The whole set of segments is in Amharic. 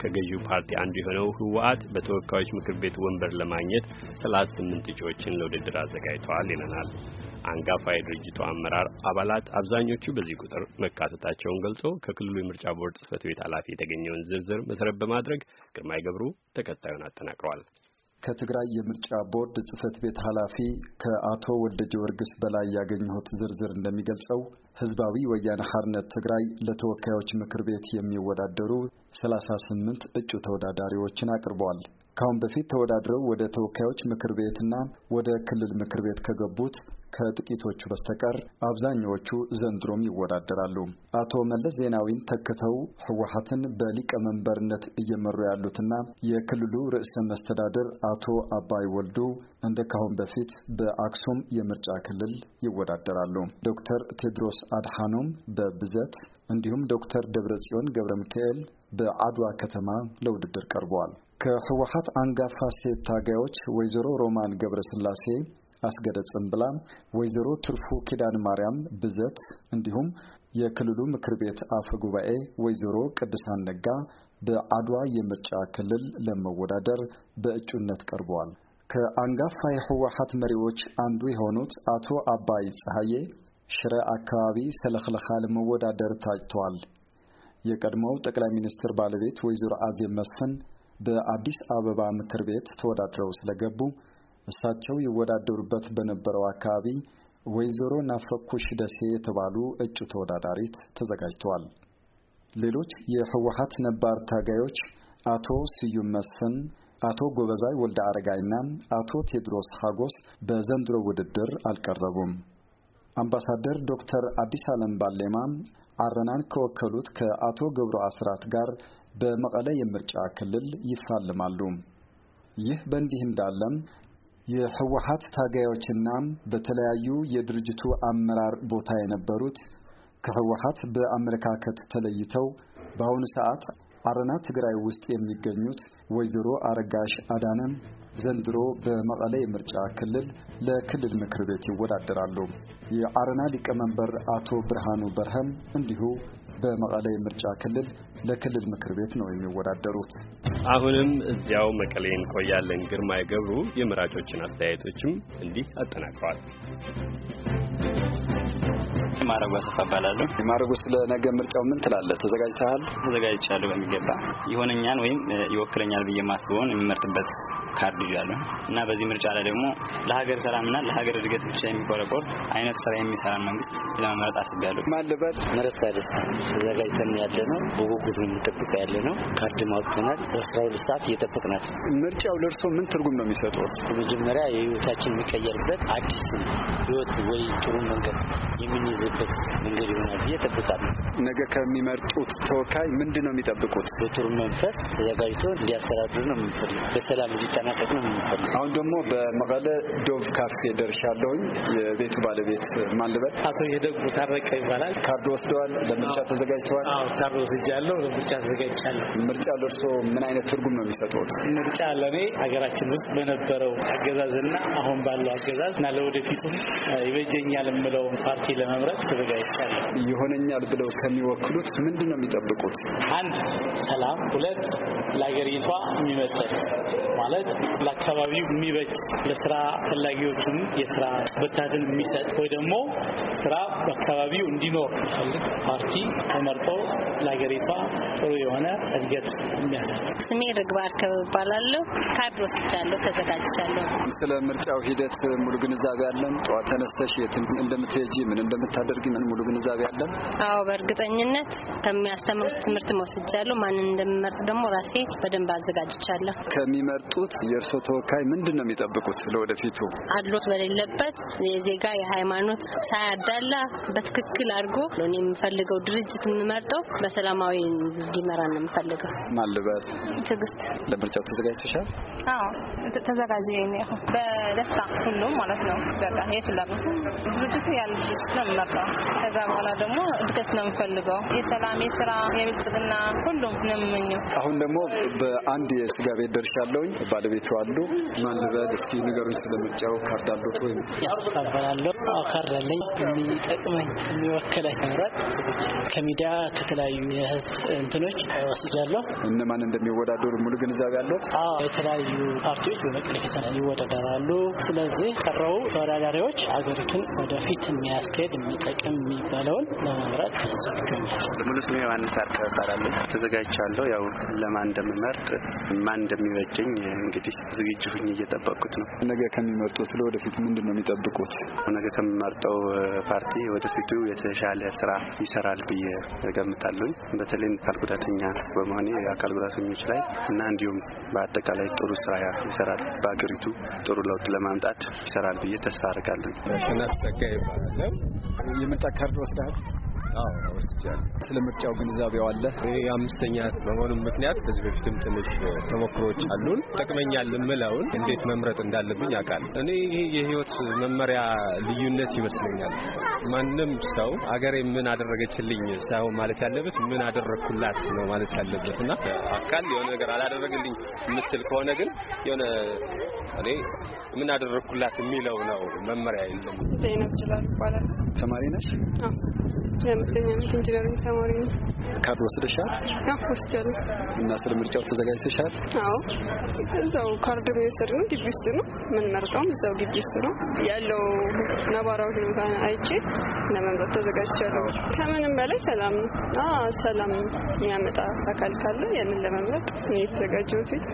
ከገዢው ፓርቲ አንዱ የሆነው ህወሓት በተወካዮች ምክር ቤት ወንበር ለማግኘት 38 እጩዎችን ለውድድር አዘጋጅተዋል ይለናል። አንጋፋ የድርጅቱ አመራር አባላት አብዛኞቹ በዚህ ቁጥር መካተታቸውን ገልጾ ከክልሉ የምርጫ ቦርድ ጽህፈት ቤት ኃላፊ የተገኘውን ዝርዝር መሰረት በማድረግ ግርማይ ገብሩ ተከታዩን አጠናቅረዋል። ከትግራይ የምርጫ ቦርድ ጽህፈት ቤት ኃላፊ ከአቶ ወልደ ጊዮርጊስ በላይ ያገኘሁት ዝርዝር እንደሚገልጸው ህዝባዊ ወያነ ሐርነት ትግራይ ለተወካዮች ምክር ቤት የሚወዳደሩ 38 እጩ ተወዳዳሪዎችን አቅርበዋል። ከአሁን በፊት ተወዳድረው ወደ ተወካዮች ምክር ቤትና ወደ ክልል ምክር ቤት ከገቡት ከጥቂቶቹ በስተቀር አብዛኛዎቹ ዘንድሮም ይወዳደራሉ። አቶ መለስ ዜናዊን ተክተው ህወሀትን በሊቀመንበርነት እየመሩ ያሉትና የክልሉ ርዕሰ መስተዳደር አቶ አባይ ወልዱ እንደ ካሁን በፊት በአክሱም የምርጫ ክልል ይወዳደራሉ። ዶክተር ቴድሮስ አድሃኖም በብዘት እንዲሁም ዶክተር ደብረጽዮን ገብረ ሚካኤል በአድዋ ከተማ ለውድድር ቀርበዋል። ከህወሀት አንጋፋ ሴት ታጋዮች ወይዘሮ ሮማን ገብረስላሴ አስገደጽም ብላ ወይዘሮ ትርፉ ኪዳን ማርያም ብዘት እንዲሁም የክልሉ ምክር ቤት አፈ ጉባኤ ወይዘሮ ቅዱሳን ነጋ በአድዋ የምርጫ ክልል ለመወዳደር በእጩነት ቀርበዋል። ከአንጋፋ የህወሓት መሪዎች አንዱ የሆኑት አቶ አባይ ፀሐዬ ሽረ አካባቢ ሰለክለካ ለመወዳደር ታጭተዋል። የቀድሞው ጠቅላይ ሚኒስትር ባለቤት ወይዘሮ አዜብ መስፍን በአዲስ አበባ ምክር ቤት ተወዳድረው ስለገቡ እሳቸው ይወዳደሩበት በነበረው አካባቢ ወይዘሮ ናፈኩሽ ደሴ የተባሉ እጩ ተወዳዳሪት ተዘጋጅተዋል። ሌሎች የህወሀት ነባር ታጋዮች አቶ ስዩም መስፍን፣ አቶ ጎበዛይ ወልደ አረጋይና አቶ ቴድሮስ ሀጎስ በዘንድሮ ውድድር አልቀረቡም። አምባሳደር ዶክተር አዲስ ዓለም ባሌማ አረናን ከወከሉት ከአቶ ገብሩ አስራት ጋር በመቀለ የምርጫ ክልል ይፋልማሉ። ይህ በእንዲህ እንዳለም የህወሀት ታጋዮችና በተለያዩ የድርጅቱ አመራር ቦታ የነበሩት ከህወሀት በአመለካከት ተለይተው በአሁኑ ሰዓት አረና ትግራይ ውስጥ የሚገኙት ወይዘሮ አረጋሽ አዳነም ዘንድሮ በመቀለ ምርጫ ክልል ለክልል ምክር ቤት ይወዳደራሉ። የአረና ሊቀመንበር አቶ ብርሃኑ በርሀም እንዲሁ በመቀለ ምርጫ ክልል ለክልል ምክር ቤት ነው የሚወዳደሩት። አሁንም እዚያው መቀሌ እንቆያለን። ግርማ ገብሩ የመራጮችን አስተያየቶችም እንዲህ አጠናቅረዋል። የማረጉ አሰፋ እባላለሁ። የማረጉ ስለ ነገ ምርጫው ምን ትላለህ? ተዘጋጅተሃል? ተዘጋጅቻለሁ በሚገባ ይሆነኛል ወይም ይወክለኛል ብዬ ማስበውን የምመርጥበት ካርድ ይዣለሁ እና በዚህ ምርጫ ላይ ደግሞ ለሀገር ሰላምና ለሀገር እድገት ብቻ የሚቆረቆር አይነት ስራ የሚሰራ መንግስት ለመምረጥ አስቤያለሁ። ማልበት መረስ ደስታ ተዘጋጅተን ያለ ነው። በጉጉት ነው ያለ ነው። ካርድ ማውጥተናል። አስራ ሁለት ሰዓት እየጠበቅናት። ምርጫው ለእርሶ ምን ትርጉም ነው የሚሰጡት? መጀመሪያ የህይወታችን የሚቀየርበት አዲስ ህይወት ወይ ጥሩ መንገድ የምንይዝበት የሚያደርግበት መንገድ ይሆናል ብዬ እጠብቃለሁ። ነገ ከሚመርጡት ተወካይ ምንድን ነው የሚጠብቁት? የቱሩን መንፈስ ተዘጋጅቶ እንዲያስተዳድሩ ነው የምንፈልግ፣ በሰላም እንዲጠናቀቅ ነው የምንፈልግ። አሁን ደግሞ በመቀለ ዶቭ ካፌ ደርሻለሁኝ። የቤቱ ባለቤት ማን ልበል? አቶ የደጉ ታረቀ ይባላል። ካርድ ወስደዋል? ለምርጫ ተዘጋጅተዋል? ካርድ ወስጃለሁ፣ ለምርጫ ተዘጋጅቻለሁ። ምርጫ ለእርሶ ምን አይነት ትርጉም ነው የሚሰጡት? ምርጫ ለእኔ ሀገራችን ውስጥ በነበረው አገዛዝና አሁን ባለው አገዛዝ እና ለወደፊቱም ይበጀኛል የምለውን ፓርቲ ለመምረጥ ተዘጋጅቻለሁ። ይሆነኛል ብለው ከሚወክሉት ምንድን ነው የሚጠብቁት? አንድ ሰላም፣ ሁለት ለሀገሪቷ የሚመጥን ማለት ለአካባቢው የሚበጅ ለስራ ፈላጊዎችን የስራ ብርታትን የሚሰጥ ወይ ደግሞ ስራ በአካባቢው እንዲኖር የሚፈልግ ፓርቲ ተመርጦ ለሀገሪቷ ጥሩ የሆነ እድገት የሚያሳ ስሜ ርግባር ከብባላለሁ። ካርድ ወስጃለሁ፣ ተዘጋጅቻለሁ። ስለ ምርጫው ሂደት ሙሉ ግንዛቤ አለን። ጠዋት ተነስተሽ የት እንደምትሄጂ ምን እንደምታደ እንደምታደርጊ ምን ሙሉ ግንዛቤ አለን? አዎ፣ በእርግጠኝነት ከሚያስተምሩት ትምህርት መወስጃለሁ። ማንን እንደምመርጥ ደግሞ ራሴ በደንብ አዘጋጅቻለሁ። ከሚመርጡት የእርሶ ተወካይ ምንድን ነው የሚጠብቁት ለወደፊቱ? አድሎት በሌለበት የዜጋ የሃይማኖት ሳያዳላ በትክክል አድርጎ እኔ የምፈልገው ድርጅት የምመርጠው በሰላማዊ እንዲመራ ነው የምፈልገው። ማልበት ትዕግስት። ለምርጫው ተዘጋጅተሻል? አዎ ተዘጋጅ በደስታ ሁሉም ማለት ነው። በቃ ይህ ድርጅቱ ያለ ድርጅት ነው የምመርጠው ነው። ከዛ በኋላ ደግሞ እድገት ነው የምፈልገው። የሰላም፣ የስራ፣ የብልጽግና ሁሉም ነው የምመኘው። አሁን ደግሞ በአንድ የስጋ ቤት ደርሻ ደርሻለሁኝ። ባለቤቱ አሉ ማን ልበል እስኪ ንገሩኝ። ስለምርጫው ካርድ አለዎት ወይ? እቀበላለሁ። ካርድ አለኝ። የሚጠቅመኝ የሚወክለኝ መምረጥ ከሚዲያ ከተለያዩ የህዝብ እንትኖች ወስጃለሁ። እነማን እንደሚወዳደሩ ሙሉ ግንዛቤ አለዎት? የተለያዩ ፓርቲዎች በመቀሌ ከተማ ይወዳደራሉ። ስለዚህ ቀረው ተወዳዳሪዎች ሀገሪቱን ወደፊት የሚያስኬድ የሚጠ ጥቅም የሚባለውን ለመምረጥ ተዘጋጅኛል። ሙሉ ስሜ ዮሐንስ አርከበ እባላለሁ። ተዘጋጅቻለሁ። ያው ለማን እንደምመርጥ ማን እንደሚበጀኝ እንግዲህ ዝግጁ ሁኝ እየጠበቅኩት ነው። ነገ ከሚመርጡት ለወደፊት ምንድን ነው የሚጠብቁት? ነገ ከሚመርጠው ፓርቲ ወደፊቱ የተሻለ ስራ ይሰራል ብዬ ገምታለሁኝ። በተለይ አካል ጉዳተኛ በመሆኔ የአካል ጉዳተኞች ላይ እና እንዲሁም በአጠቃላይ ጥሩ ስራ ይሰራል፣ በሀገሪቱ ጥሩ ለውጥ ለማምጣት ይሰራል ብዬ ተስፋ አድርጋለሁ። የምርጫ ካርድ ወስደሃል? ስለ ምርጫው ግንዛቤው አለ። የአምስተኛ በመሆኑ ምክንያት ከዚህ በፊትም ትንሽ ተሞክሮች አሉን። ጠቅመኛል የምለውን እንዴት መምረጥ እንዳለብኝ አውቃል። እኔ ይህ የህይወት መመሪያ ልዩነት ይመስለኛል። ማንም ሰው አገሬ ምን አደረገችልኝ ሳይሆን ማለት ያለበት ምን አደረግኩላት ነው ማለት ያለበት እና አካል የሆነ ነገር አላደረግልኝ የምትል ከሆነ ግን የሆነ እኔ ምን አደረግኩላት የሚለው ነው መመሪያ የለም። ተማሪ ነሽ? የአምስተኛ ዓመት ኢንጂነሪንግ ተማሪ ነኝ። ካርድ ወስደሻል? አዎ ወስጃለሁ። እና ስለ ምርጫው ተዘጋጅተሻል? አዎ እዛው ካርድ የሚወሰድ ነው። ግቢ ውስጥ ነው የምንመርጠውም፣ እዛው ግቢ ውስጥ ነው ያለው። ነባራዊ ሁኔታ አይቼ ለመምረጥ ተዘጋጅቻለሁ። ከምንም በላይ ሰላም ነው። ሰላም የሚያመጣ አካል ካለ ያንን ለመምረጥ ሲል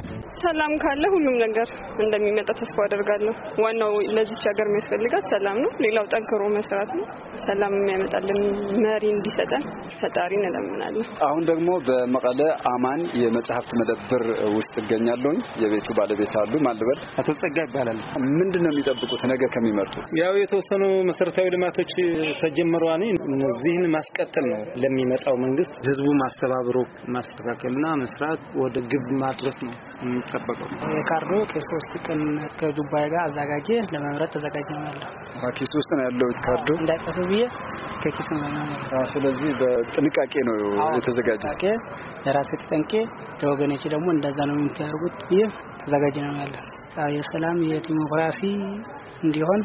ሰላም ካለ ሁሉም ነገር እንደሚመጣ ተስፋ አደርጋለሁ። ዋናው ለዚች ሀገር የሚያስፈልጋት ሰላም ነው። ሌላው ጠንክሮ መስራት ነው። ሰላም የሚያመጣልን መሪ እንዲሰጠን ፈጣሪ እንለምናለን። አሁን ደግሞ በመቀለ አማን የመጽሐፍት መደብር ውስጥ እገኛለሁኝ። የቤቱ ባለቤት አሉ ማልበል አቶ ጸጋ ይባላል። ምንድን ነው የሚጠብቁት ነገር ከሚመርጡ? ያው የተወሰኑ መሰረታዊ ልማቶች ተጀምረዋል። እነዚህን ማስቀጠል ነው። ለሚመጣው መንግስት ህዝቡ ማስተባብሮ ማስተካከልና መስራት ወደ ግብ ማድረስ ነው የሚጠበቀው። የካርዶ ከሶስት ቀን ከዱባይ ጋር አዘጋጀ ለመምረጥ ተዘጋጀ ነው ያለው። ኬስ ውስጥ ነው ያለው ካርዶ እንዳይጠፍ ብዬ ከኪስ ነው ስለዚህ በጥንቃቄ ነው የተዘጋጀ። ለራሴ ተጠንቄ ለወገኖች ደግሞ እንደዛ ነው የምታደርጉት ብዬ ተዘጋጀ ነው ያለ የሰላም የዲሞክራሲ እንዲሆን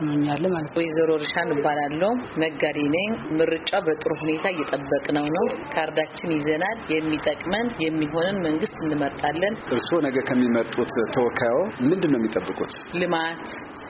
ጠቅሞኛል ማለት ነው። ወይዘሮ ርሻን እባላለሁ፣ ነጋዴ ነኝ። ምርጫ በጥሩ ሁኔታ እየጠበቅነው ነው። ካርዳችን ይዘናል። የሚጠቅመን የሚሆንን መንግስት እንመርጣለን። እርስዎ ነገ ከሚመርጡት ተወካዮ ምንድን ነው የሚጠብቁት? ልማት፣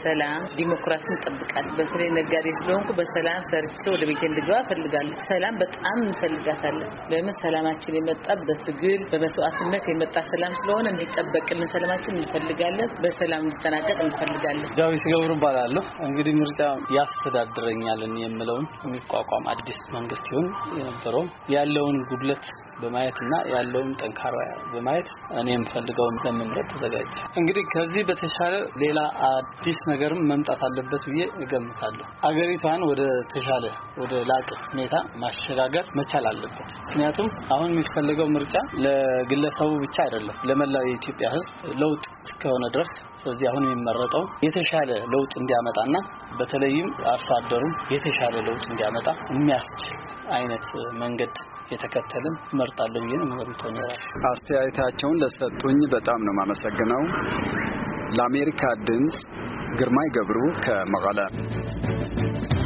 ሰላም፣ ዲሞክራሲ እንጠብቃለን። በተለይ ነጋዴ ስለሆንኩ በሰላም ሰርቼ ወደ ቤቴ እንድገባ እፈልጋለሁ። ሰላም በጣም እንፈልጋታለን። ለምን ሰላማችን የመጣ በትግል በመስዋዕትነት የመጣ ሰላም ስለሆነ እንዲጠበቅልን ሰላማችን እንፈልጋለን። በሰላም እንዲጠናቀቅ እንፈልጋለን። ዳዊት ገብሩ እባላለሁ እንግዲህ ምርጫ ያስተዳድረኛልን የምለውን የሚቋቋም አዲስ መንግስት ይሁን የነበረው ያለውን ጉድለት በማየት እና ያለውን ጠንካራ በማየት እኔ የምፈልገውን ለመምረጥ ተዘጋጀ። እንግዲህ ከዚህ በተሻለ ሌላ አዲስ ነገርም መምጣት አለበት ብዬ እገምታለሁ። አገሪቷን ወደ ተሻለ ወደ ላቅ ሁኔታ ማሸጋገር መቻል አለበት። ምክንያቱም አሁን የሚፈልገው ምርጫ ለግለሰቡ ብቻ አይደለም፣ ለመላው የኢትዮጵያ ሕዝብ ለውጥ እስከሆነ ድረስ ስለዚህ አሁን የሚመረጠው የተሻለ ለውጥ እንዲያመጣ እንዲመጣና በተለይም አርሶ አደሩም የተሻለ ለውጥ እንዲያመጣ የሚያስችል አይነት መንገድ የተከተልን እመርጣለሁ ብዬ ነው። አስተያየታቸውን ለሰጡኝ በጣም ነው የማመሰግነው። ለአሜሪካ ድምፅ ግርማይ ገብሩ ከመቀለ